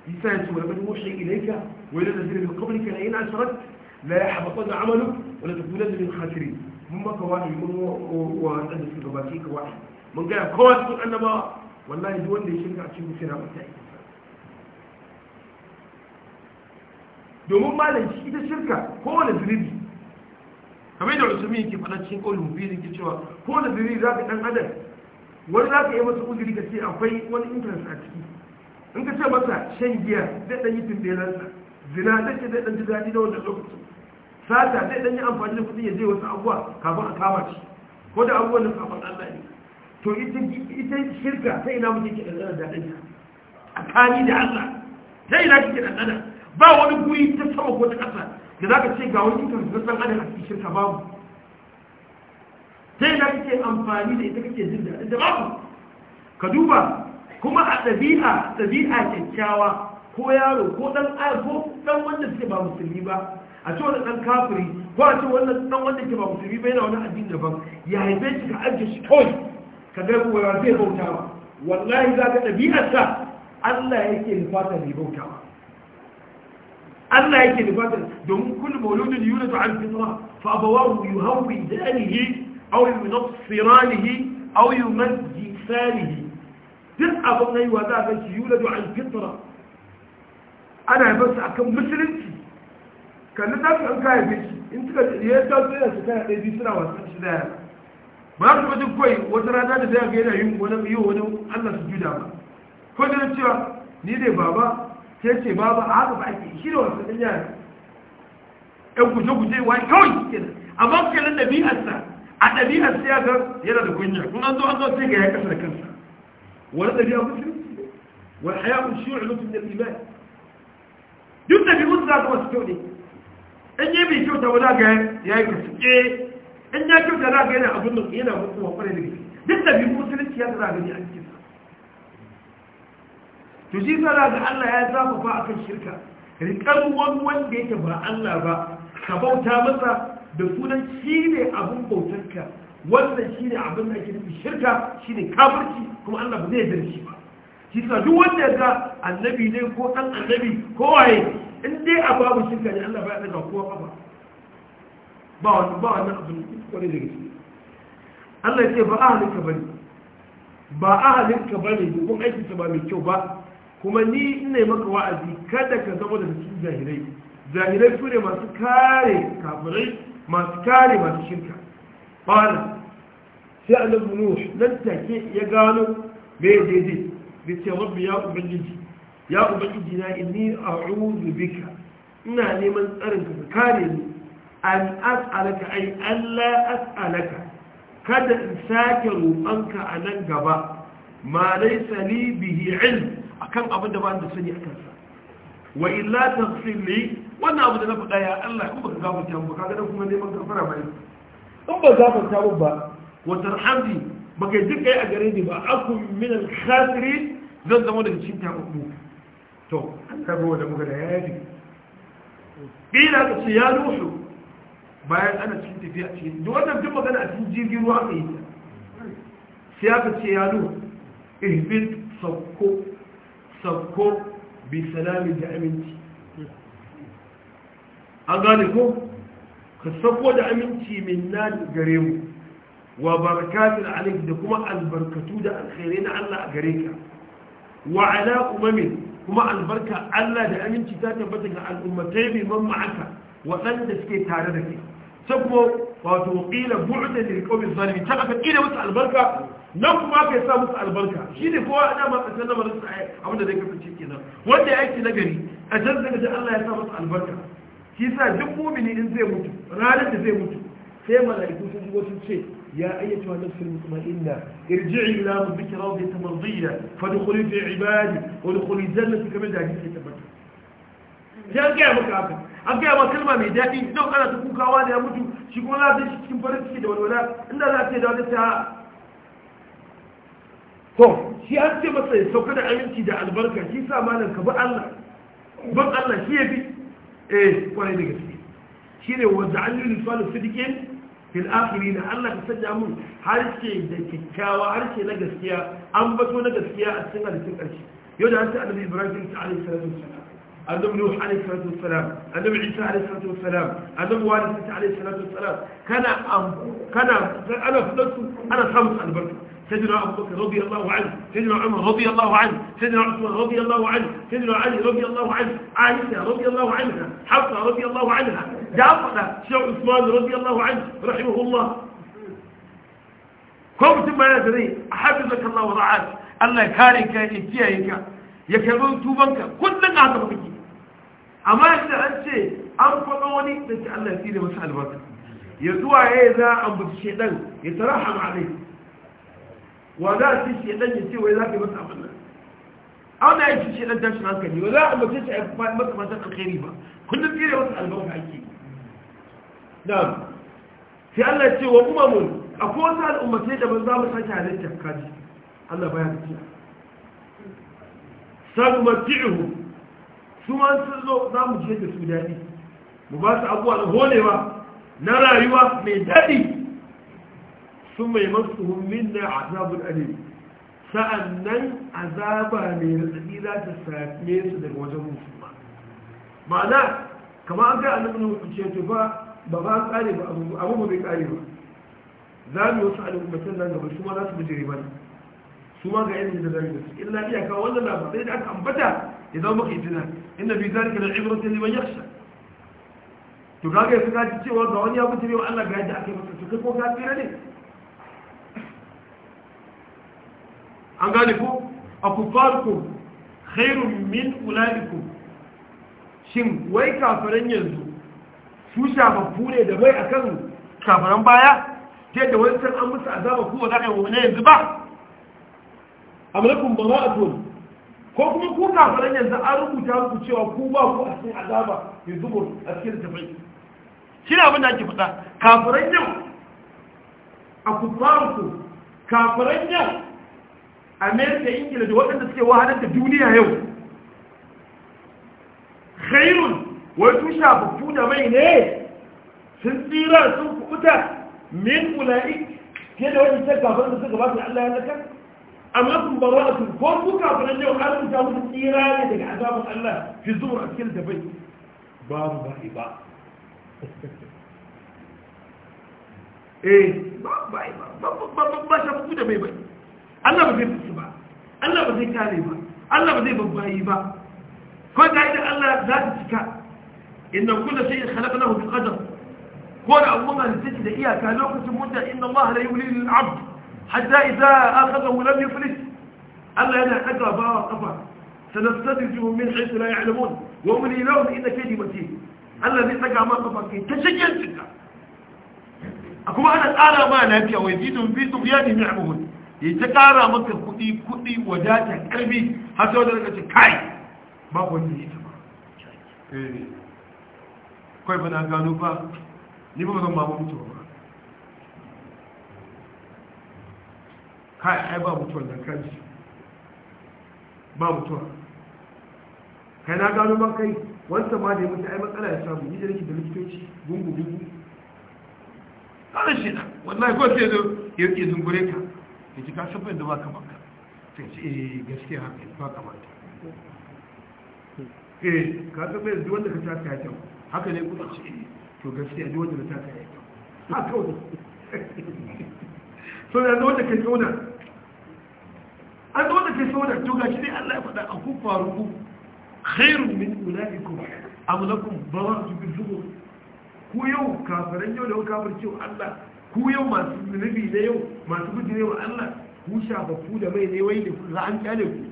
يسأل سورة من موحي إليك وإلى الذين من قبلك لئن أشركت لا يحبطن عملك ولا تكونن من الخاسرين mun maka wahayi mun waɗanda suka gabace ka wahayi mun gaya kowa cikin annaba wallahi duk wanda ya shirka a cikin domin malam shi ita shirka kowane zunubi kamar da usumi yake faɗa cikin ƙaunin mubili ke cewa kowane zunubi za ka ɗan adam wani za ka yi masa uzuri ka ce akwai wani intanet. a ciki in ka ce masa shan giya zai ɗan yi tundelarsa zina zai ce zai ɗan ji daɗi na wanda lokacin sata zai ɗan yi amfani da kuɗi ya je wasu abuwa kafin a kama shi ko da abubuwan nan kafin allah ne to ita shirka ta ina muke ke ɗanɗana daɗin ta a kani da allah ta ina kike ɗanɗana ba wani guri ta sama ko ta ƙasa da za ka ce ga wani kan na san adam a cikin shirka babu ta ina kike amfani da ita kake jin daɗin da babu ka duba kuma a ɗabi'a ɗabi'a kyakkyawa ko yaro ko ɗan ko ɗan wanda suke ba musulmi ba a ce wani ɗan kafiri ko a ce wannan ɗan wanda ke ba musulmi ba yana wani addini daban ya haife shi ka ajiye shi kawai ka ga wa zai bauta ba wallahi za ka sa Allah yake nufata mai bauta ba Allah yake nufata domin kullu mauludin yulatu al fitra fa abawahu yuhawidanihi aw yunassiranihi aw yumajjisanihi duk abin haihuwa za a yi yuladu an fitra ana haifar su akan musulunci kalli za su an kayan biki in suka ce ya eh, ta tsaye su kaya ɗaya biyu suna wasan shi da yara ba su wajen koyi wata rana da zai ga yana yin wani yi wani allah su juda ba ko da cewa ni ne baba ke ce baba a haka ba ake shi da wasan ɗin yara ɗan guje-guje wa kawai kenan amma kalli ɗabi'arsa a ɗabi'arsa ya ga yana da kunya kun an zo an zo sai ga ya kasa da kansa ولد بها مسلم والحياء والشيوع من الإيمان duk da bibin za su wasu kyau ne in yi mai kyauta wani ga ya yi kusurke in ya kyauta za ga yana abin da yana mutu wa kwarai da gaske duk da bibin musulunci ya zara gani a cikin to shi zara ga Allah ya zafafa a kan shirka rikar wani wanda yake ba Allah ba ka bauta masa da sunan shi ne abin wannan shi ne abin da ake nufi shirka shi ne kafirci kuma Allah ba zai zarci ba shi ka duk wanda ya annabi ne ko dan annabi ko waye in dai a babu shirka ne Allah ba ya daga kowa ba ba wani ba wani abin kwarai daga gaske Allah ce ba ka bane ba ka bane dukkan aikin ta ba mai kyau ba kuma ni ina maka wa'azi kada ka zama da cikin zahirai zahirai su ne masu kare kafirai masu kare masu shirka قال سأل ابن نوح لن تهكي يقالوا بيديدي بيت يا رب يا أبنجي يا أبنجي إني أعوذ بك إنا لمن أرنك فكارني أن أسألك أي ألا أسألك kada in sake roƙonka a nan gaba ma laisa li bihi ilm akan abin da ba da sani akan sa wa illa taghfir li wannan abu da na faɗa ya Allah kuma ka gafarta mu ka kuma neman gafara bai in ba gafarta mun ba wa hamdi ba kai duka a gare ni ba akun min al zan zama daga cikin tababbu to an karbo wanda muka da yayi bila ka ce ya nuhu bayan ana cikin tafiya cikin duk wannan duk magana a cikin jirgin ruwa ka yi ta sai aka ce ya nuhu ihbit sakko sakko bi salamin da aminci an gane ko ka sako da aminci min na gare mu wa barakatun alaik da kuma albarkatu da alkhairi na Allah a gare ka wa ala umamin kuma albarka Allah da aminci ta tabbata ga al'ummatai mai man ma'aka waɗanda suke tare da kai ta wato ƙila buɗe da rikomin zalimi ta aka ƙila musu albarka nan kuma ka sa musu albarka shi ne kowa a dama ƙasar lamarin sa abinda zai kasance kenan wanda ya aiki nagari a can da Allah ya sa musu albarka shi sa duk mumini in zai mutu ranar da zai mutu sai mala'iku sun shigo sun ce ya ayyatu wa nafsul mutma'inna irji'i ila rabbika radiyatan mardiya fadkhuli fi ibadi wa dkhuli jannati kama da kike tabbata Ya ga maka haka an ga maka kalma mai dadi don kana ta kukawa da ya mutu shi kuma za ta cikin farin ciki da walwala inda za ta da wani ta to shi an ce masa ya sauka da aminci da albarka shi sa malam ka bi Allah ban Allah shi ya bi eh kwarai da gaske shi ne wanda an yi lissuwa da sidikin fil akiri na allah ka sanya mun harshe da kyakkyawa harshe na gaskiya an bato na gaskiya a cikin halittun ƙarshe yau da harshe annabi ibrahim ta alaihi salatu wasalam annabi nuhu alaihi salatu wasalam annabi isa alaihi salatu wasalam annabi wani alaihi salatu wasalam kana kana ana fitar su ana samun albarka سيدنا أبو بكر رضي الله عنه سيدنا عمر رضي الله عنه سيدنا عثمان رضي الله عنه سيدنا علي رضي الله عنه عائشة رضي الله عنها حفصة رضي الله عنها جعفر شيخ عثمان رضي الله عنه رحمه الله كم ثم يدري حفظك الله ورعاك الله يكاريك يجيك يكبر توبنك كل هذا بكي أما إذا أنت أنفقوني تجعل الله يسيري مسألة بركة يدوى إذا أنبت الشيطان يتراحم عليه wa za a ci shi dan ya wai za ka yi masa abin nan an da ya ci shi dan tashin hankali wa za a mace shi a masa matan alkhairi ba kullum tsire masa albarka ake na'am sai Allah ya ce wa kuma umamun akwai wasu al'ummatai da ba za mu sake halittar kaji Allah baya da ciya san mati'ihu su ma sun zo za mu je da su daɗi mu ba su abuwa da holewa na rayuwa mai daɗi sun mai masu minna azabun alim sa'annan azaba mai ratsadi za ta same su daga wajen musulma ma'ana kama an kai annabin hukunce to ba ba ba kare ba abu ba bai kare ba za mu wasu al'ummatan nan gaba su ma za su bijire ba su ma ga yanayin da zai da su illa iyaka wannan labarai da aka ambata ya zama maka itina inda bi zalika da ibratin liman yakhsha to kaga yanzu ka ji cewa ga wani ya bijire wa Allah ga yadda aka yi masa to kai ko ka tsira ne an gane ko a kufarku khairun min ulaikum shin wai kafaren yanzu su shafaffu ne da bai akan kafaren baya ta da wani san an musu azaba kuwa za a yi wani yanzu ba amalakun ba a tuni ko kuma ku kafaren yanzu an rubuta muku cewa ku ba ku a cikin azaba ya zubo a cikin tafai shi ne abin da ake faɗa kafaren yau a kufarku kafaren yau amerika ingila da waɗanda suke wahalar da duniya yau khairun wai su shafafu da mai ne sun tsira sun kubuta min ula'ik fiye da wani ta kafin da suka ba su allah ya zaka amma sun bara a sun ko su kafin yau an rubuta musu tsira ne daga azabin allah fi zuwa a cikin da bai babu ba'i ba eh babu ba'i ba ba shafafu da mai bai Allah ba zai fushi ba Allah ba zai kare ba Allah ba zai babbayi ba ko da idan Allah za ta cika inna kullu shay'in khalaqnahu bi qadar ko da abun da take da iyaka lokacin mutta inna Allah la yulil lil abd hatta idza akhadahu lam yuflis Allah yana daga bawa kafa sanastadrijuhum min haythu la ya'lamun wa umli lahum inna kaydi matin Allah zai daga ma kafa kai ta cikin cika kuma ana tsara ma lafiya wa yazidum fi tughyanihim ya'mamun ya ta ƙara maka kuɗi kuɗi wadatar ƙarfi har sai wata daga ce kai ba wanda ya taɓa kai ba eh, na gano ba ni ba zan ba mutu ba kai ai ba mutuwar da kansu ba mutuwa kai na gano ba kai wanda ma da yi mutu ai matsala ya samu yi da rikin da likitoci gungu gungu kada na wannan ko sai zo ya zungure ka ya ci kashin da ba kamar ka sai ce eh gaskiya haka ba kamar ta eh ka ga bayan wanda ka taka ya kyau haka ne kuma ce eh to gaskiya duk wanda ka taka ya kyau haka wani so yanzu wanda ka tsona an zo da ka tsona to shi ne Allah ya faɗa a kufaru ku khairun min ulaikum am lakum bara'atu bil zubur ku yau kafaran yau da kafirci Allah ku yau masu zunubi na yau masu bujire wa Allah ku shafa ku da mai ne wai ne ku za an kyale ku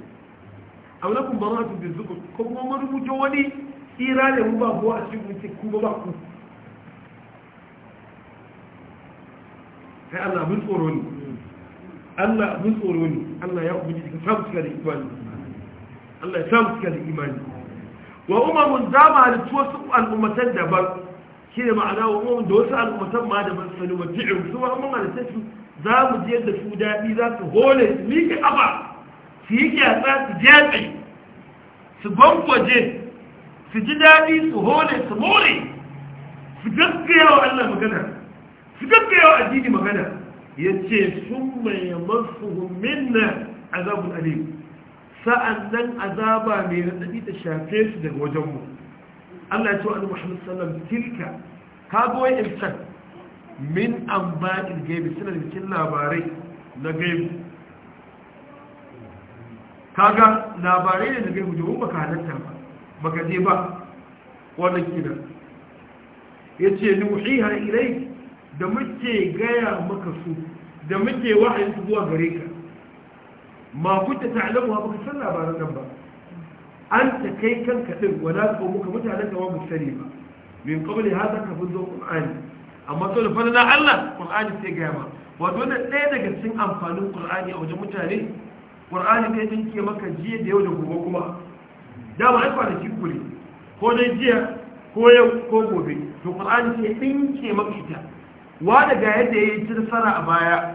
kuma ba baratu bi zubur ko kuma mun rubuto wani tsira da mu ba ko a cikin ce ku ba ku sai Allah mun tsoro ne Allah mun tsoro ne Allah ya ubuji ka samu cika da imani Allah ya samu cika da imani wa umamun zama da tuwasu al'ummatan daban shi ne ma'ana wa umar da wasu al'ummatan ma da basu sani irin su ba mun halitta su za mu je da su daɗi za su hole su miƙe ƙafa su yi kyatsa su jatsi su gwangwaje su ji daɗi su hole su more su gaskaya wa Allah magana su gaskaya wa addini magana ya ce sun mai masu minna azabun alim sa'an nan azaba mai raɗaɗi ta shafe su daga wajenmu Allah ya ce wa annabi Muhammad sallallahu alaihi wasallam tilka kago wa'in min amba'il gaibi suna da cikin labarai na gaibi kaga labarai ne na gaibi domin baka halatta ba baka je ba wannan kidan yace ce nuhiha ilayk da muke gaya maka su da muke wahayi su zuwa gare ka ma kuta ta'lamu ba ka san labaran nan ba an ta kai kanka ɗin wala ko muka mutane kama mu sani ba min kawali haza ka fi zo ƙul'ani amma to da fadana allah ƙul'ani sai gaya ma wato na ɗaya daga cikin amfanin ƙul'ani a wajen mutane ƙul'ani kai tun ke maka jiya da yau da gobe kuma dama ai kwanaki uku ne ko dai jiya ko yau ko gobe to ƙul'ani sai ɗin ke maka ita wa daga yadda ya yi tirsara a baya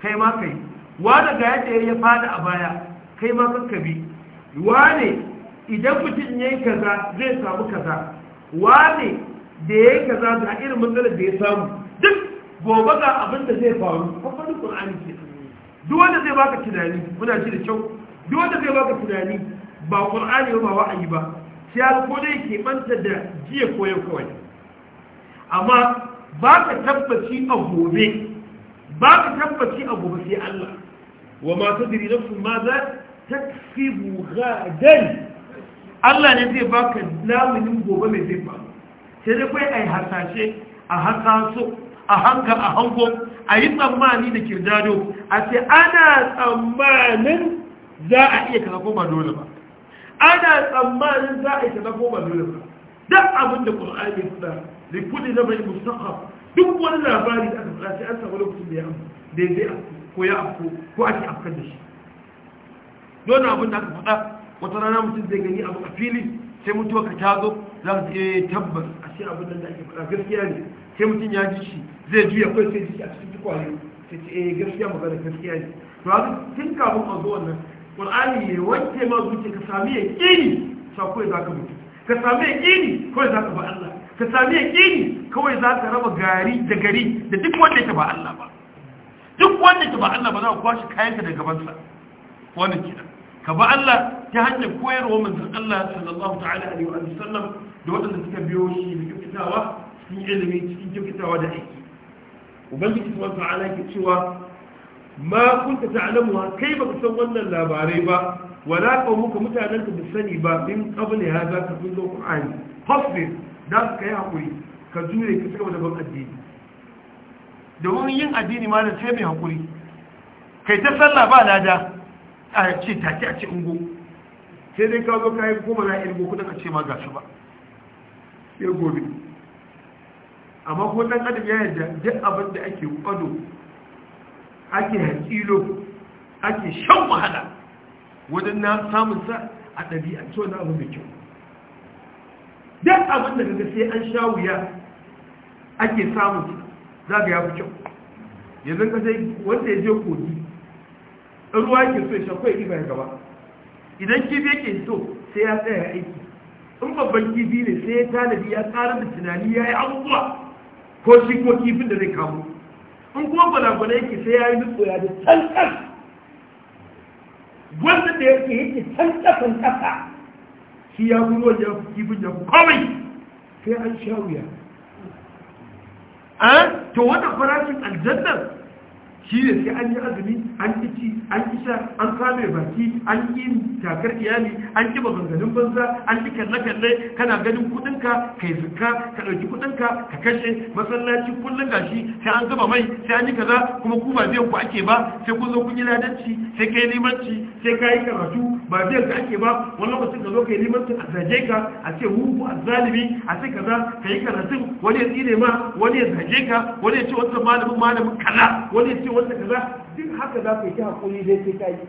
kai ma kai wa daga yadda ya fada a baya kai ma kanka bi wa ne idan mutum ya yi kaza zai samu kaza wane da ya yi kaza ga irin matsalar da ya samu duk gobe ga abin da zai faru kwakwani ƙur'ani ce duk wanda zai baka tunani muna shi da kyau duk wanda zai baka tunani ba ƙur'ani ba wa'ayi ba sai ya ko dai ke manta da jiya koyon kawai amma ba ka tabbaci a gobe ba ka tabbaci a gobe sai Allah wa ma tadri nafsun ma za taksibu ghadan Allah ne zai baka lamunin gobe mai zai faru sai dai kai ai hasashe a hasaso a hanka a hango a yi tsammani da kirdado a ce ana tsammanin za a iya kaza ko ba dole ba ana tsammanin za a iya kaza ko ba dole ba duk abin da Qur'ani ya faɗa li kulli nabi mustaqab duk wani labari da aka faɗa an samu lokacin da ya amfani da ya ko ya amfani ko ake amfan da shi don abin da aka faɗa wata rana mutum zai gani abu a fili sai mutuwa ka tazo za su iya tabbas a shi abin da ake faɗa gaskiya ne sai mutum ya ji shi zai juya kai sai ji shi a cikin tukwane sai ce eh gaskiya magana gaskiya ne to haka tun kafin a zo wannan qur'ani ne wanke ma zuci ka sami ya sa sako za ka mutu ka sami ya kini kawai za ka ba Allah ka sami ya kini kawai za ka raba gari da gari da duk wanda ya ba Allah ba duk wanda ya ba Allah ba za ka kwashi kayanka daga gabansa wannan kenan ka ba Allah ta hanyar koyarwa manzon Allah sallallahu ta'ala alaihi wa sallam da waɗanda suka biyo shi da kyautatawa cikin ilimi cikin kyautatawa da aiki ubangiji subhanahu ta'ala ke cewa ma kunta ta'alamu kai baka san wannan labarai ba wala ka muka mutanen ka da sani ba min qabli hadha ka kun zo qur'ani hasbi da ka yi hakuri ka jure ka cigaba da ban addini Da domin yin addini ma da sai mai hakuri kai ta sallah ba lada a ce take a ce ungo sai dai ka zo ka yi goma na irgo kudin a ce ma gashi ba sai gobe amma ko dan adam ya yarda duk abin da ake kwado ake hakilo ake shan wahala wajen na samun sa a ɗabi'a to na abu mai kyau duk abin da kaga sai an sha wuya ake samun za ga ya fi kyau yanzu ka sai wanda ya je kogi ruwa ke so ya kai kawai gaba idan kifi yake so sai ya tsaya aiki in babban kifi ne sai ya tanadi ya tsara da tunani ya yi abubuwa ko shi ko kifin da zai kamo in kuma gwalagwala yake sai ya yi nutso ya da tantan wanda da yake yake tantan kasa shi ya fi ruwan ya fi kifin ya kawai sai an sha wuya eh? to wata farashin aljannar shi ne sai an yi azumi an ci an kisha an kame baki an yi takar iyali an ki maganganun banza an ki kalle-kalle kana ganin ka kai zuka ka ɗauki kudinka ka kashe masallaci kullum gashi sai an zuba mai sai an yi kaza kuma kuma ba biyan ku ake ba sai kun zo kun yi ladanci sai kai limanci sai ka yi karatu ba zai ka ake ba wani lokacin ka zo ka yi limanci a zaje ka a ce hufu a zalibi a ce kaza ka yi karatun wani ya tsine ma wani ya zaje ka wani ya ce wata malamin malamin kaza wani ya ce wata kaza duk haka za ka yi ta hakuri dai sai ka yi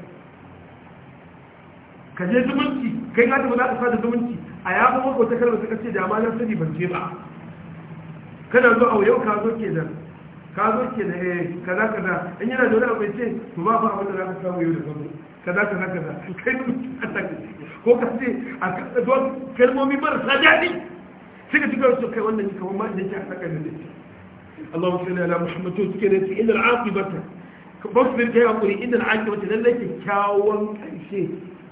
ka je zumunci kai ka tafi za ka sada zumunci a ya kuma ko ta kalmar suka ce da ma nan sani ban ce ba kana zo a wayo ka zo da ka zo kenan eh kaza kaza in yana da wani abu ya ce to ba ba abin da za ka samu yau da gwamnati kaza kaza kaza kai ko ka ce a don kalmomi marasa daɗi sai ka cika su kai wannan kamar ma da yake a saka da dace Allahumma salli ala Muhammad to cike da ce innal aqibata basbir kai hakuri innal aqibata lallai kyakkyawan karshe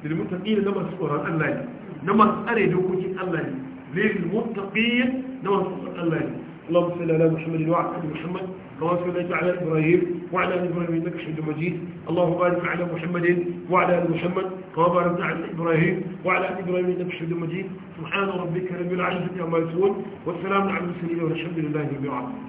lil muttaqin na masu tsoron Allah ne na masu tsare dokokin Allah ne lil muttaqin na masu tsoron Allah ne Allahumma salli ala Muhammad wa ala Muhammad كما صليت على إبراهيم وعلى آل إبراهيم إنك حميد مجيد اللهم بارك على محمد وعلى آل محمد كما باركت على إبراهيم وعلى آل إبراهيم إنك حميد مجيد سبحان ربك رب العزة عما يصفون والسلام على المرسلين والحمد لله رب العالمين